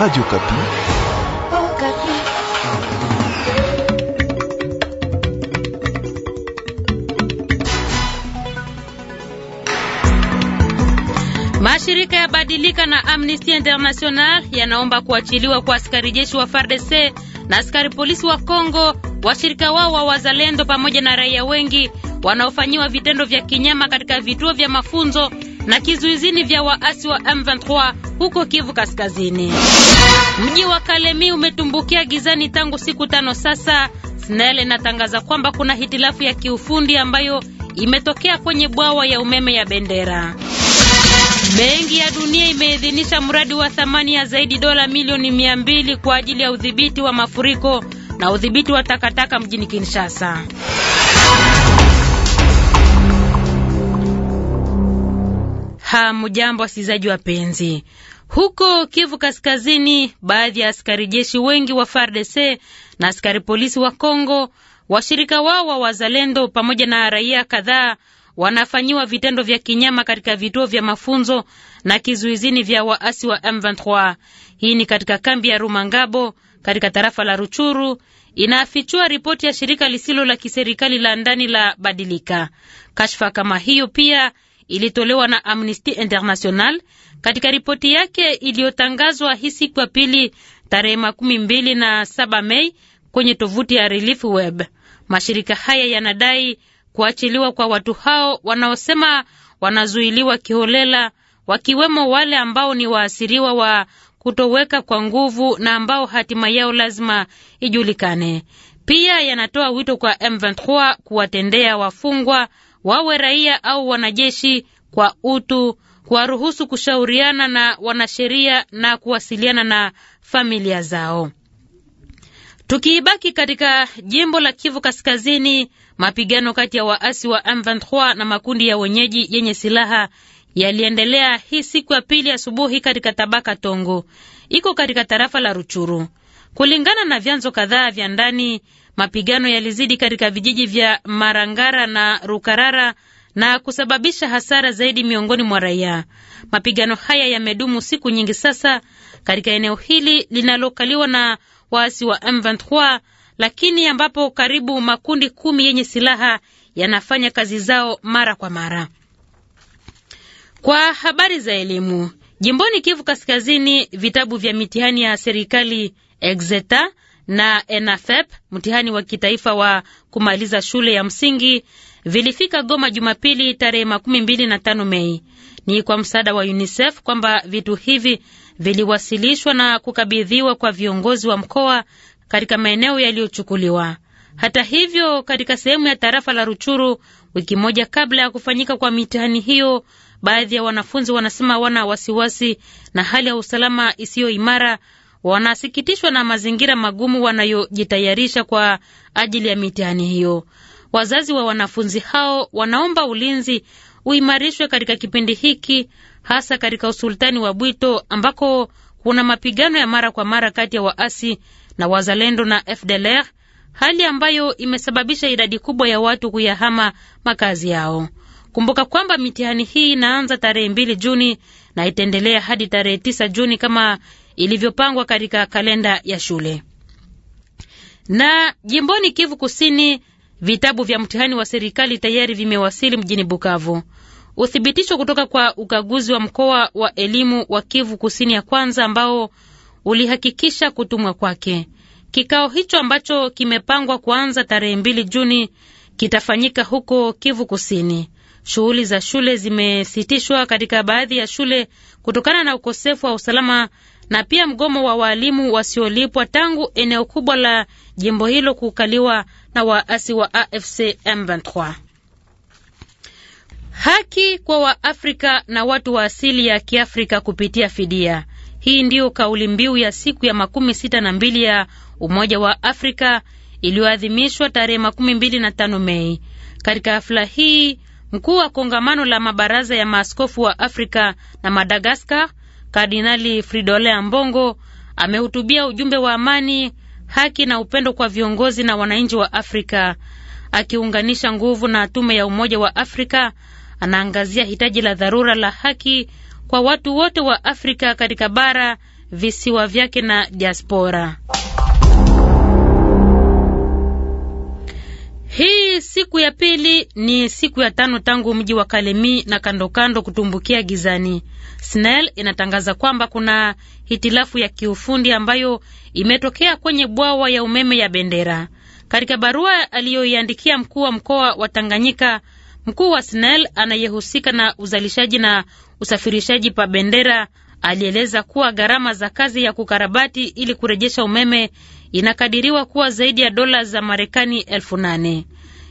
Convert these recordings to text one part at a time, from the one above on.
Radio Okapi. Oh, Mashirika ya Badilika na Amnesty International yanaomba kuachiliwa kwa askari jeshi wa FARDC na askari polisi wa Kongo, washirika wao wa wazalendo pamoja na raia wengi wanaofanyiwa vitendo vya kinyama katika vituo vya mafunzo na kizuizini vya waasi wa M23 huko Kivu Kaskazini. Mji wa Kalemi umetumbukia gizani tangu siku tano sasa. SNEL inatangaza kwamba kuna hitilafu ya kiufundi ambayo imetokea kwenye bwawa ya umeme ya Bendera. Benki ya Dunia imeidhinisha mradi wa thamani ya zaidi dola milioni mia mbili kwa ajili ya udhibiti wa mafuriko na udhibiti wa takataka mjini Kinshasa. Hamujambo wasikilizaji wapenzi. Huko Kivu Kaskazini, baadhi ya askari jeshi wengi wa FARDC na askari polisi wa Kongo, washirika wao wa wazalendo, pamoja na raia kadhaa wanafanyiwa vitendo vya kinyama katika vituo vya mafunzo na kizuizini vya waasi wa M23. Hii ni katika kambi ya Rumangabo katika tarafa la Ruchuru, inafichua ripoti ya shirika lisilo la kiserikali la ndani la Badilika. Kashfa kama hiyo pia ilitolewa na Amnesty International katika ripoti yake iliyotangazwa hii siku ya pili tarehe makumi mbili na saba Mei kwenye tovuti ya Relief Web. Mashirika haya yanadai kuachiliwa kwa watu hao wanaosema wanazuiliwa kiholela, wakiwemo wale ambao ni waasiriwa wa kutoweka kwa nguvu na ambao hatima yao lazima ijulikane. Pia yanatoa wito kwa M23 kuwatendea wafungwa wawe raia au wanajeshi, kwa utu, kuwaruhusu kushauriana na wanasheria na kuwasiliana na familia zao. Tukiibaki katika jimbo la Kivu Kaskazini, mapigano kati ya waasi wa M23 na makundi ya wenyeji yenye silaha yaliendelea hii siku ya pili asubuhi katika tabaka Tongo iko katika tarafa la Ruchuru. Kulingana na vyanzo kadhaa vya ndani, Mapigano yalizidi katika vijiji vya Marangara na Rukarara na kusababisha hasara zaidi miongoni mwa raia. Mapigano haya yamedumu siku nyingi sasa katika eneo hili linalokaliwa na waasi wa M23, lakini ambapo karibu makundi kumi yenye silaha yanafanya kazi zao mara kwa mara. Kwa habari za elimu jimboni Kivu Kaskazini, vitabu vya mitihani ya serikali exeta na ENAFEP, mtihani wa kitaifa wa kumaliza shule ya msingi, vilifika Goma Jumapili tarehe makumi mbili na tano Mei. Ni kwa msaada wa UNICEF kwamba vitu hivi viliwasilishwa na kukabidhiwa kwa viongozi wa mkoa katika maeneo yaliyochukuliwa. Hata hivyo, katika sehemu ya tarafa la Ruchuru, wiki moja kabla ya kufanyika kwa mitihani hiyo, baadhi ya wanafunzi wanasema wana wasiwasi na hali ya usalama isiyo imara wanasikitishwa na mazingira magumu wanayojitayarisha kwa ajili ya mitihani hiyo. Wazazi wa wanafunzi hao wanaomba ulinzi uimarishwe katika kipindi hiki, hasa katika usultani wa Bwito ambako kuna mapigano ya mara kwa mara kati ya waasi na wazalendo na FDLR, hali ambayo imesababisha idadi kubwa ya watu kuyahama makazi yao. Kumbuka kwamba mitihani hii inaanza tarehe mbili Juni na itaendelea hadi tarehe tisa Juni kama ilivyopangwa katika kalenda ya shule. Na jimboni Kivu Kusini, vitabu vya mtihani wa serikali tayari vimewasili mjini Bukavu. Uthibitisho kutoka kwa ukaguzi wa mkoa wa elimu wa Kivu Kusini ya kwanza ambao ulihakikisha kutumwa kwake. Kikao hicho ambacho kimepangwa kuanza tarehe mbili Juni kitafanyika huko Kivu Kusini. Shughuli za shule zimesitishwa katika baadhi ya shule kutokana na ukosefu wa usalama na pia mgomo wa waalimu wasiolipwa tangu eneo kubwa la jimbo hilo kukaliwa na waasi wa AFC M23. Haki kwa Waafrika na watu wa asili ya Kiafrika kupitia fidia. Hii ndiyo kauli mbiu ya siku ya makumi sita na mbili ya Umoja wa Afrika iliyoadhimishwa tarehe makumi mbili na tano Mei. Katika hafla hii, mkuu wa kongamano la mabaraza ya maaskofu wa Afrika na Madagaskar Kardinali Fridole Ambongo amehutubia ujumbe wa amani, haki na upendo kwa viongozi na wananchi wa Afrika. Akiunganisha nguvu na tume ya Umoja wa Afrika, anaangazia hitaji la dharura la haki kwa watu wote wa Afrika katika bara, visiwa vyake na diaspora. siku ya pili ni siku ya tano tangu mji wa Kalemi na kandokando kutumbukia gizani. SNEL inatangaza kwamba kuna hitilafu ya kiufundi ambayo imetokea kwenye bwawa ya umeme ya Bendera. Katika barua aliyoiandikia mkuu wa mkoa wa Tanganyika, mkuu wa SNEL anayehusika na uzalishaji na usafirishaji pa Bendera alieleza kuwa gharama za kazi ya kukarabati ili kurejesha umeme inakadiriwa kuwa zaidi ya dola za Marekani elfu nane.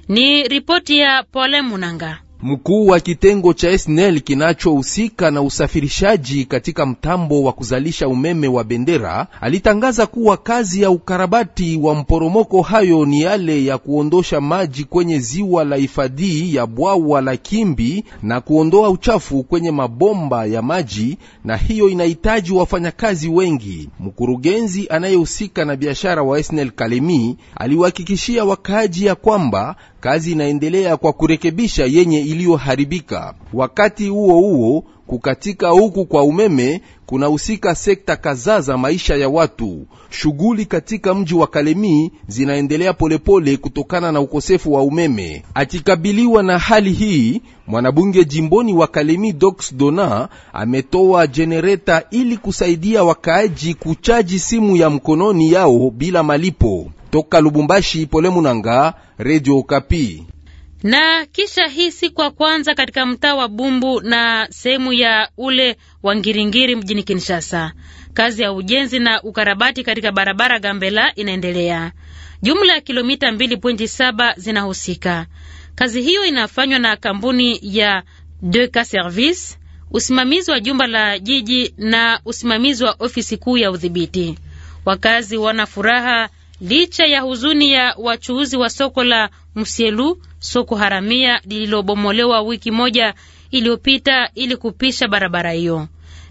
Ni ripoti ya Pole Munanga. Mkuu wa kitengo cha SNEL kinachohusika na usafirishaji katika mtambo wa kuzalisha umeme wa Bendera alitangaza kuwa kazi ya ukarabati wa mporomoko hayo ni yale ya kuondosha maji kwenye ziwa la hifadhi ya bwawa la Kimbi na kuondoa uchafu kwenye mabomba ya maji, na hiyo inahitaji wafanyakazi wengi. Mkurugenzi anayehusika na biashara wa SNEL Kalemi aliwahakikishia wakaaji ya kwamba kazi inaendelea kwa kurekebisha yenye iliyoharibika. Wakati huo huo, kukatika huku kwa umeme kunahusika sekta kadhaa za maisha ya watu. Shughuli katika mji wa kalemi zinaendelea polepole kutokana na ukosefu wa umeme. Akikabiliwa na hali hii, mwanabunge jimboni wa kalemi Dox Dona ametoa jenereta ili kusaidia wakaaji kuchaji simu ya mkononi yao bila malipo. Toka Lubumbashi, Pole Munanga, Radio Kapi. Na kisha hii siku ya kwanza katika mtaa wa Bumbu na sehemu ya ule wa Ngiringiri mjini Kinshasa, kazi ya ujenzi na ukarabati katika barabara Gambela inaendelea. Jumla ya kilomita 2.7 zinahusika. Kazi hiyo inafanywa na kampuni ya Deka Service, usimamizi wa jumba la jiji na usimamizi wa ofisi kuu ya udhibiti. Wakazi wana furaha licha ya huzuni ya wachuuzi wa soko la Msielu, soko haramia lililobomolewa wiki moja iliyopita ili kupisha barabara hiyo.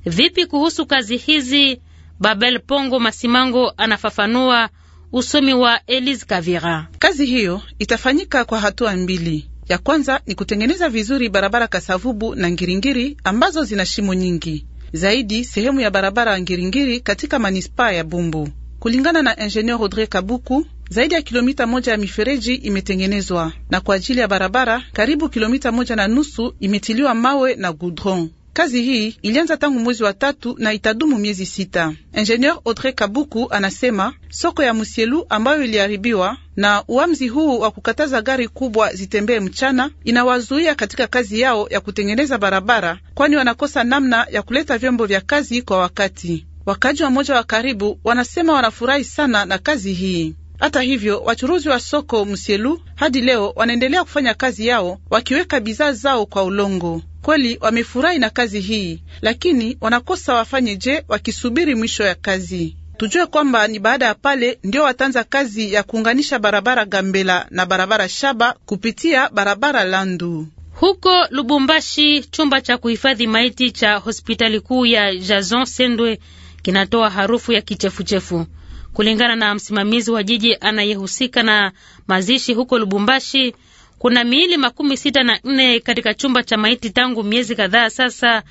Vipi kuhusu kazi hizi? Babel Pongo Masimango anafafanua usomi wa Elise Kavira. Kazi hiyo itafanyika kwa hatua mbili. Ya kwanza ni kutengeneza vizuri barabara Kasavubu na Ngiringiri ambazo zina shimo nyingi zaidi, sehemu ya barabara ya Ngiringiri katika manispaa ya Bumbu. Kulingana na engineer Rodre Kabuku, zaidi ya kilomita moja ya mifereji imetengenezwa na kwa ajili ya barabara karibu kilomita moja na nusu imetiliwa mawe na goudron. Kazi hii ilianza tangu mwezi wa tatu na itadumu miezi sita. Ingenieur Audrey Kabuku anasema soko ya Musielu ambayo iliharibiwa na uamuzi huu wa kukataza gari kubwa zitembee mchana inawazuia katika kazi yao ya kutengeneza barabara, kwani wanakosa namna ya kuleta vyombo vya kazi kwa wakati. Wakaaji wa moja wa karibu wanasema wanafurahi sana na kazi hii. Hata hivyo, wachuruzi wa soko Msielu hadi leo wanaendelea kufanya kazi yao wakiweka bidhaa zao kwa ulongo. Kweli wamefurahi na kazi hii, lakini wanakosa wafanye je, wakisubiri mwisho ya kazi. Tujue kwamba ni baada ya pale ndio wataanza kazi ya kuunganisha barabara Gambela na barabara Shaba kupitia barabara Landu. Huko Lubumbashi, chumba cha kuhifadhi maiti cha hospitali kuu ya Jason Sendwe kinatoa harufu ya kichefuchefu. Kulingana na msimamizi wa jiji anayehusika na mazishi huko Lubumbashi, kuna miili makumi sita na nne katika chumba cha maiti tangu miezi kadhaa sasa,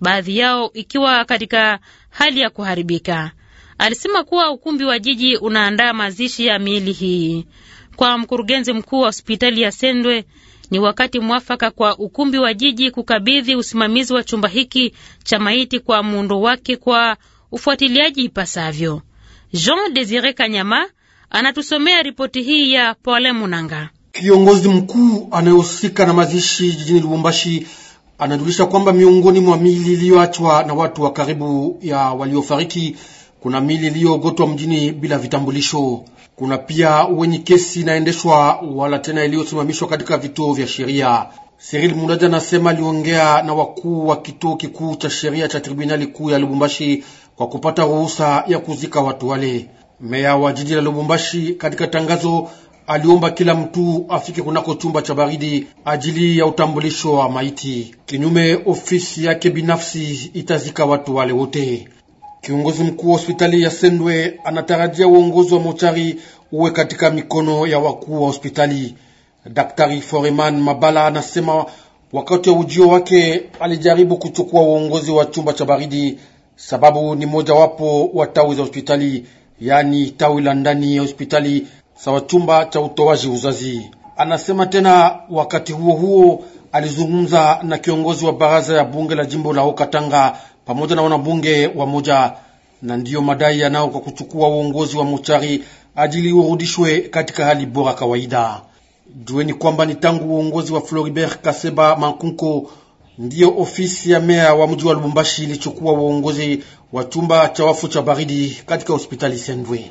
baadhi yao ikiwa katika hali ya kuharibika. Alisema kuwa ukumbi wa jiji unaandaa mazishi ya miili hii. Kwa mkurugenzi mkuu wa hospitali ya Sendwe, ni wakati mwafaka kwa ukumbi wa jiji kukabidhi usimamizi wa chumba hiki cha maiti kwa muundo wake kwa ufuatiliaji ipasavyo. Jean Desire Kanyama anatusomea ripoti hii ya Pole Munanga. Kiongozi mkuu anayehusika na mazishi jijini Lubumbashi anajulisha kwamba miongoni mwa mili iliyoachwa na watu wa karibu ya waliofariki kuna mili iliyoogotwa mjini bila vitambulisho. Kuna pia wenye kesi inaendeshwa wala tena iliyosimamishwa katika vituo vya sheria. siril Mudaja anasema aliongea na wakuu wa kituo kikuu cha sheria cha tribunali kuu ya Lubumbashi kwa kupata ruhusa ya kuzika watu wale. Meya wa jiji la Lubumbashi katika tangazo aliomba kila mtu afike kunako chumba cha baridi ajili ya utambulisho wa maiti. Kinyume, ofisi yake binafsi itazika watu wale wote. Kiongozi mkuu wa hospitali ya Sendwe anatarajia uongozi wa mochari uwe katika mikono ya wakuu wa hospitali. Daktari Foreman Mabala anasema wakati wa ujio wake alijaribu kuchukua uongozi wa chumba cha baridi sababu ni mojawapo wa tawi za hospitali, yaani tawi la ndani ya hospitali sawa chumba cha utoaji uzazi. Anasema tena, wakati huo huo alizungumza na kiongozi wa baraza ya bunge la jimbo la Okatanga pamoja na wanabunge wa moja, na ndiyo madai yanao kwa kuchukua uongozi wa mochari ajili urudishwe katika hali bora kawaida. Jueni kwamba ni tangu uongozi wa Floribert Kaseba Mankunko ndiyo ofisi ya meya wa mji wa Lubumbashi ilichukua uongozi wa chumba cha wafu cha baridi katika hospitali Sendwe.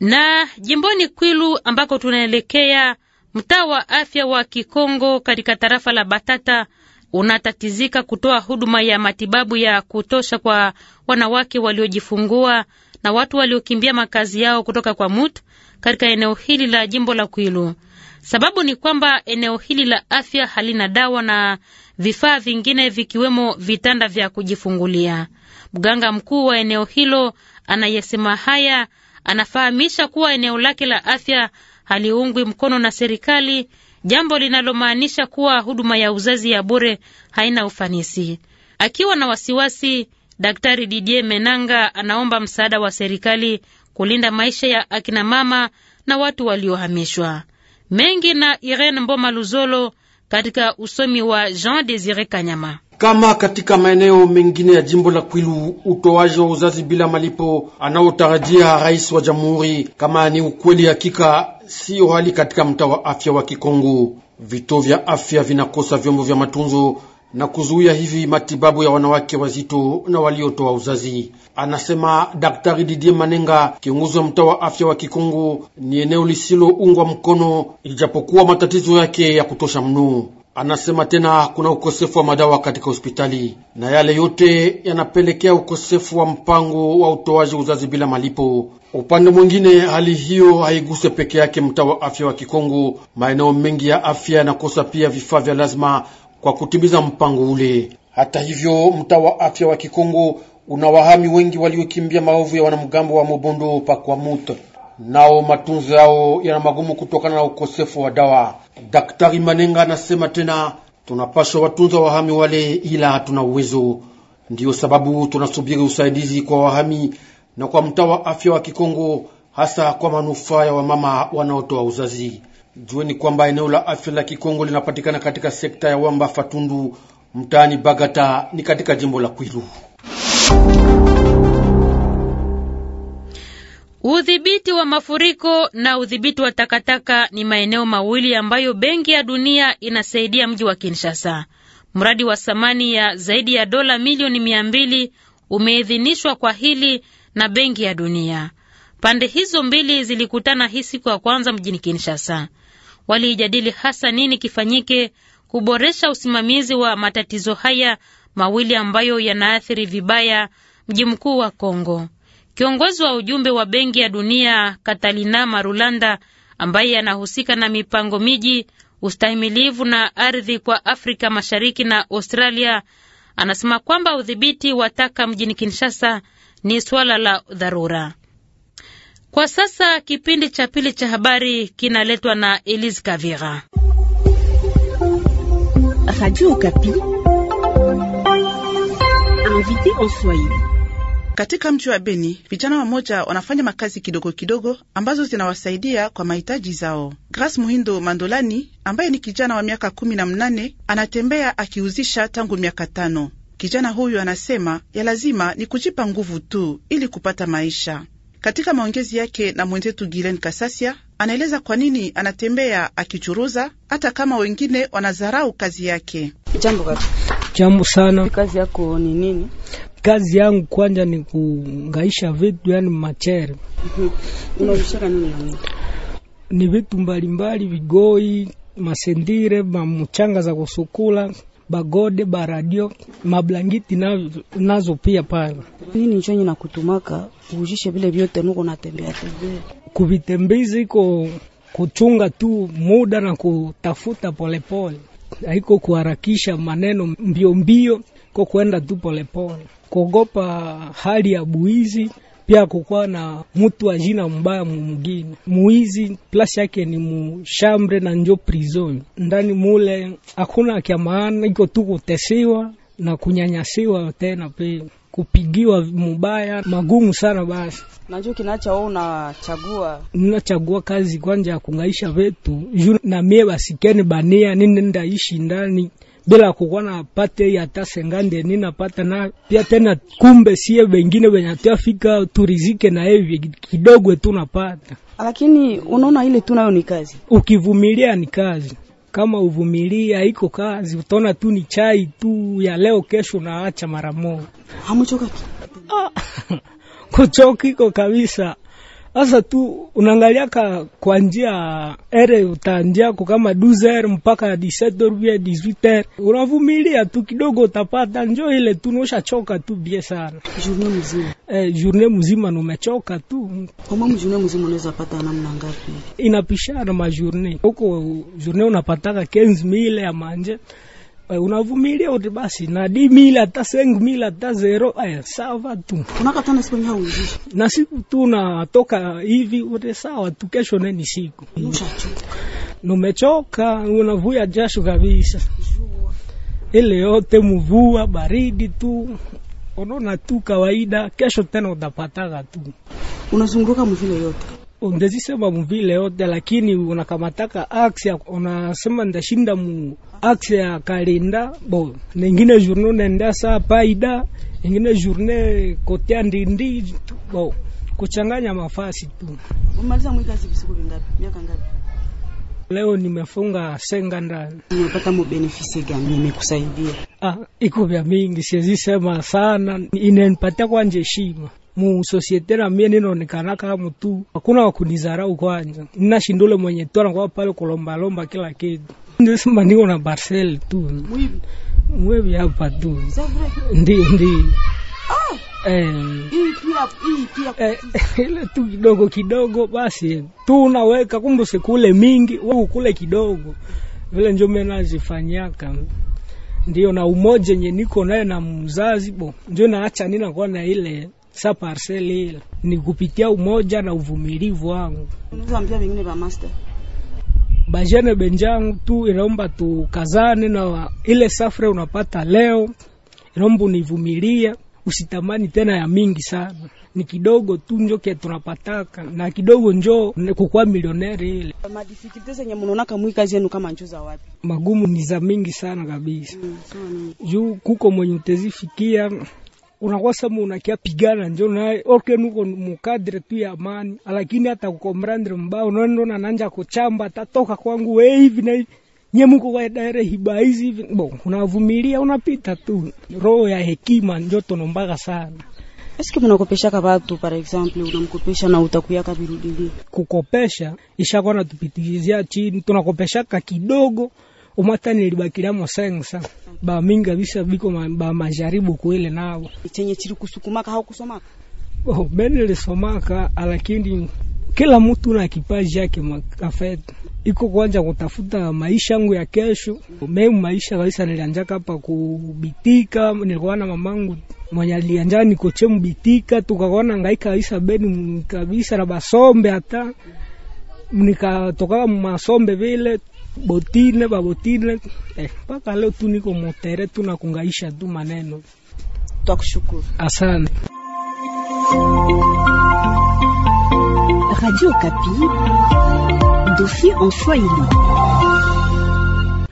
Na jimboni Kwilu ambako tunaelekea, mtaa wa afya wa Kikongo katika tarafa la Batata unatatizika kutoa huduma ya matibabu ya kutosha kwa wanawake waliojifungua na watu waliokimbia makazi yao kutoka kwa MUT katika eneo hili la jimbo la Kwilu. Sababu ni kwamba eneo hili la afya halina dawa na vifaa vingine vikiwemo vitanda vya kujifungulia. Mganga mkuu wa eneo hilo anayesema haya anafahamisha kuwa eneo lake la afya haliungwi mkono na serikali, jambo linalomaanisha kuwa huduma ya uzazi ya bure haina ufanisi. Akiwa na wasiwasi, Daktari Didier Menanga anaomba msaada wa serikali kulinda maisha ya akina mama na watu waliohamishwa mengi na Irene Mboma Luzolo katika usomi wa Jean Desire Kanyama. Kama katika maeneo mengine ya jimbo la Kwilu, utoaji wa uzazi bila malipo anaotarajia rais wa jamhuri, kama ni ukweli, hakika siyo hali katika mtaa wa afya wa Kikongo. Vituo vya afya vinakosa vyombo vya matunzo na kuzuia hivi matibabu ya wanawake wazito na waliotoa uzazi, anasema Daktari Didier Manenga, kiongozi wa mtaa wa afya wa Kikungu. Ni eneo lisiloungwa mkono, ijapokuwa matatizo yake ya kutosha mno. Anasema tena kuna ukosefu wa madawa katika hospitali, na yale yote yanapelekea ukosefu wa mpango wa utoaji uzazi bila malipo. Upande mwingine, hali hiyo haiguse peke yake mtaa wa afya wa Kikongo. Maeneo mengi ya afya yanakosa pia vifaa vya lazima kwa kutimiza mpango ule. Hata hivyo, mtaa wa afya wa Kikongo una wahami wengi waliokimbia maovu ya wanamgambo wa Mobondo Pakwamut, nao matunzo yao yana magumu kutokana na ukosefu wa dawa. Daktari Manenga anasema tena, tunapashwa watunza wahami wale, ila hatuna uwezo. Ndiyo sababu tunasubiri usaidizi kwa wahami na kwa mtaa wa afya wa Kikongo, hasa kwa manufaa ya wamama wanaotoa uzazi. Jueni kwamba eneo la afya la Kikongo linapatikana katika sekta ya Wamba Fatundu mtaani Bagata ni katika jimbo la Kwilu. Udhibiti wa mafuriko na udhibiti wa takataka ni maeneo mawili ambayo Benki ya Dunia inasaidia mji wa Kinshasa. Mradi wa thamani ya zaidi ya dola milioni mia mbili umeidhinishwa kwa hili na Benki ya Dunia. Pande hizo mbili zilikutana hii siku ya kwanza mjini Kinshasa. Waliijadili hasa nini kifanyike kuboresha usimamizi wa matatizo haya mawili ambayo yanaathiri vibaya mji mkuu wa Kongo. Kiongozi wa ujumbe wa Benki ya Dunia Katalina Marulanda, ambaye anahusika na mipango miji, ustahimilivu na ardhi kwa Afrika Mashariki na Australia, anasema kwamba udhibiti wa taka mjini Kinshasa ni suala la dharura. Kwa sasa kipindi cha pili cha habari kinaletwa na Elise Kavira. Katika mji wa Beni vijana wamoja wanafanya makazi kidogo kidogo ambazo zinawasaidia kwa mahitaji zao. gras Muhindo Mandolani ambaye ni kijana wa miaka kumi na mnane anatembea akiuzisha tangu miaka tano. Kijana huyu anasema ya lazima ni kujipa nguvu tu ili kupata maisha. Katika maongezi yake na mwenzetu Gilen Kasasia, anaeleza kwa nini anatembea akichuruza hata kama wengine wanadharau kazi yake. Jambo, jambo sana. Kazi yako ni nini? Kazi yangu kwanja ni kungaisha vitu, yani machere. mm -hmm. Ni vitu mbalimbali, vigoi, masendire, mamuchanga za kusukula bagode baradio mablangiti nazo, nazo pia pale. Nini njo na kutumaka ujishe vile vyote nuko natembea tembea kuvitembeza iko kuchunga tu muda na kutafuta polepole, haiko kuharakisha maneno mbiombio, ko kwenda tu polepole, kuogopa hali ya buizi pia kukuwa na mutu wa jina mbaya mumugini muizi, plasi yake ni mushambre na njo prison ndani mule, hakuna kya maana, iko tu kutesiwa na kunyanyasiwa tena pe kupigiwa mubaya magumu sana. Basi najua kinacha wao, unachagua ninachagua kazi kwanja ya kungaisha vetu juu na mie basikeni bania nini ndaishi ndani bila kukuwa na pate ya hata sengande nina pata na pia tena, kumbe sie wengine wenye tuafika turizike na hivi kidogo tu napata, lakini unaona ile tunayo ni kazi, ukivumilia ni kazi kama uvumilia iko kazi, utaona tu ni chai tu ya leo, kesho naacha mara moja. Hamchoka Ah, kuchoka iko kabisa. Asa tu unaangaliaka kwa njia ere utanjiako kama 12h mpaka 17h 18h, unavumilia tu kidogo, utapata njo ile tu, nosha choka tu bie sana journée mzima eh, journée mzima numechoka tu. Kama journée mzima unaweza pata namna ngapi? Inapishana ma journée huko, journée unapataka 15000 ya manje Eh, unavumilia uti basi na di mila ta sengu mila ta zero aya sawa tu unakatana siku hivi na siku tu toka hivi uti sawa tu, kesho neni siku numechoka, unavuya jasho kabisa, ile yote mvua baridi tu, unaona tu kawaida, kesho tena utapataga tu, unazunguka mvile yote ndezisema sema muvile yote, lakini unakamataka axe unasema ndashinda mu aksi ya kalenda bo nengine journe nenda saa paida ingine journe kotea ndindi bo kuchanganya mafasi tu. Umaliza mwikazi visiku vingapi? Miaka ngapi? Leo nimefunga senga ndani. Nimepata gani? Nimekusaidia? Ah, iko vya mingi, siwezi sema sana, inanipatia kwanje heshima mu societe na mie ninaonekana kama mtu hakuna wakunizarau kwanza, ninashindule mwenye tora kwa pale lomba kila kitu, ndisema niko na Barcel tu mwevi hapa tu ndi ndi ah! eh, eh ile tu kidogo kidogo basi tu unaweka, kumbe sikule mingi, wewe kule kidogo vile njo menazifanyaka ndio na umoja nye niko naye na mzazi bo njo naacha kwa na ile sa parcele ile ni kupitia umoja na uvumilivu wangu bajene benjangu tu, inaomba tukazane na ile safra unapata leo, inaomba univumilia, usitamani tena ya mingi sana, ni kidogo tu njo kia tunapataka na kidogo njo kukuwa milioneri. Ile madifikilite zenye mnaonaka mwi kazi yenu kama njoza wapi magumu ni za mingi sana kabisa, mm, juu kuko mwenye utezifikia unakuwa sema unakia pigana njo naye oke nuko mukadre tu ya amani, lakini hata kukomrandre mbao nondo na nanja kuchamba tatoka kwangu we hivi na hivi nye muko kwa dare hiba hizi hivi bo, unavumilia unapita tu. Roho ya hekima njo tonombaga sana. Eske kwa batu par exemple, unamkopesha na utakuya birudi? Kukopesha ishakuwa natupitikizia chini, tunakopeshaka kidogo omwatani libakilamo sensa ba mingi kabisa biko ma, ba majaribu kuile nabo chenye chiri kusukumaka hao kusomaka oh bene lisomaka lakini kila mtu na kipaji yake makafeta iko kwanza kutafuta maisha yangu ya kesho. Mimi maisha kabisa nilianjaka hapa kubitika, nilikuwa na mamangu mwenye alianja nikoche mbitika, tukaona ngaika kabisa beni kabisa na basombe hata nikatoka masombe vile botile babotile eh, mpaka eh, leo tu niko motere tu nakungaisha tu maneno. Twakushukuru, asante. Radio Kapi, dossier en Swahili.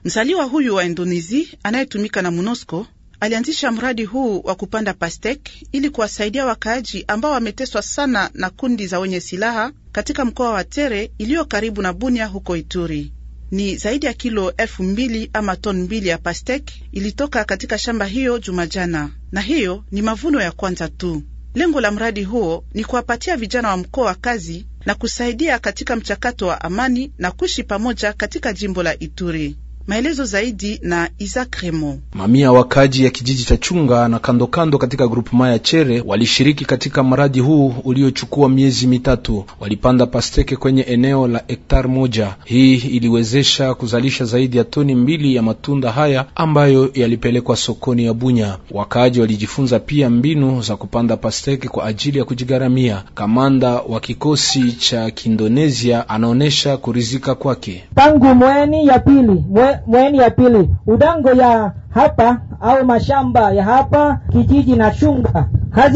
Mzaliwa huyu wa Indonesi anayetumika na MONUSCO alianzisha mradi huu wa kupanda pastek ili kuwasaidia wakaaji ambao wameteswa sana na kundi za wenye silaha katika mkoa wa Tere iliyo karibu na Bunia huko Ituri ni zaidi ya kilo elfu mbili ama ton mbili ya pastek ilitoka katika shamba hiyo Jumajana, na hiyo ni mavuno ya kwanza tu. Lengo la mradi huo ni kuwapatia vijana wa mkoa wa kazi na kusaidia katika mchakato wa amani na kuishi pamoja katika jimbo la Ituri. Maelezo zaidi na Isa Kremo. Mamia wakaji ya kijiji cha Chunga na kandokando kando katika grupu ya Chere walishiriki katika mradi huu uliochukua miezi mitatu. Walipanda pasteke kwenye eneo la hektar moja. Hii iliwezesha kuzalisha zaidi ya toni mbili ya matunda haya ambayo yalipelekwa sokoni ya Bunya. Wakaji walijifunza pia mbinu za kupanda pasteke kwa ajili ya kujigharamia. Kamanda wa kikosi cha kindonesia anaonyesha kurizika kwake tangu mweni ya pili mweni mweni ya pili, udango ya hapa au mashamba ya hapa kijiji na shunga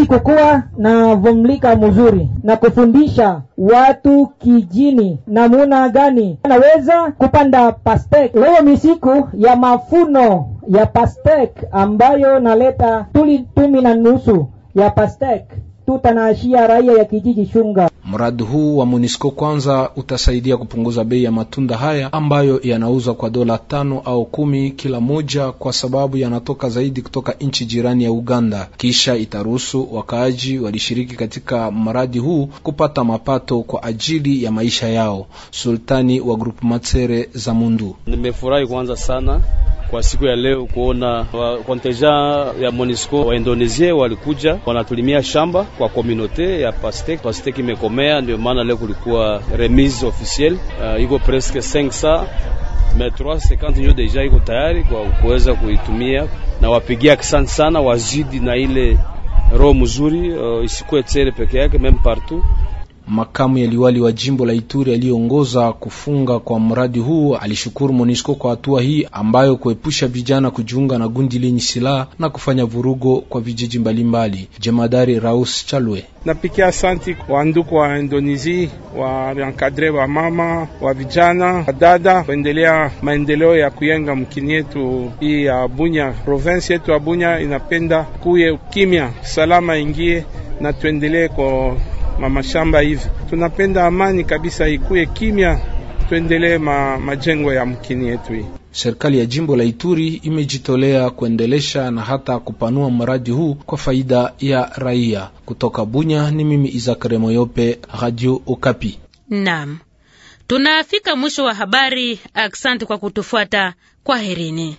kukua na vumlika mzuri na kufundisha watu kijini namuna gani anaweza kupanda pastek. Leo misiku ya mafuno ya pastek ambayo naleta tuli tumi na nusu ya pastek tutanaashia raia ya kijiji Shunga. Mradi huu wa Munisco kwanza utasaidia kupunguza bei ya matunda haya ambayo yanauzwa kwa dola tano au kumi kila moja, kwa sababu yanatoka zaidi kutoka nchi jirani ya Uganda. Kisha itaruhusu wakaaji walishiriki katika mradi huu kupata mapato kwa ajili ya maisha yao. Sultani wa grupu Matsere za Mundu: nimefurahi kwanza sana kwa siku ya leo kuona wakonteja ya Monisco wa Indonesia walikuja wanatulimia shamba kwa komunote ya Pastek. Pastek imekomea, ndio maana leo kulikuwa remise officielle uh, iko presque 500 350 nyo deja iko tayari kwa kuweza kuitumia, na wapigia asante sana, wazidi na ile roho mzuri, uh, isikuwe Tere peke yake meme partout Makamu ya liwali wa jimbo la Ituri aliyeongoza kufunga kwa mradi huu alishukuru monisco kwa hatua hii ambayo kuepusha vijana kujiunga na gundi lenye silaha na kufanya vurugo kwa vijiji mbalimbali. Jemadari Raus Chalwe napikia asanti wa nduku wa Indonesi wa ankadre wa mama wa vijana wa dada kuendelea maendeleo ya kuyenga mkini yetu hii ya Bunya, Provensi yetu ya Bunya inapenda kuye kimya salama ingie na tuendelee kwa mamashamba hivi. Tunapenda amani kabisa ikuye kimya, tuendelee ma, majengo ya mkini yetu hii. Serikali ya jimbo la Ituri imejitolea kuendelesha na hata kupanua mradi huu kwa faida ya raia. Kutoka Bunya ni mimi Izakare Moyope, Radio Okapi. Naam, tunafika mwisho wa habari. Aksante kwa kutufuata, kwaherini.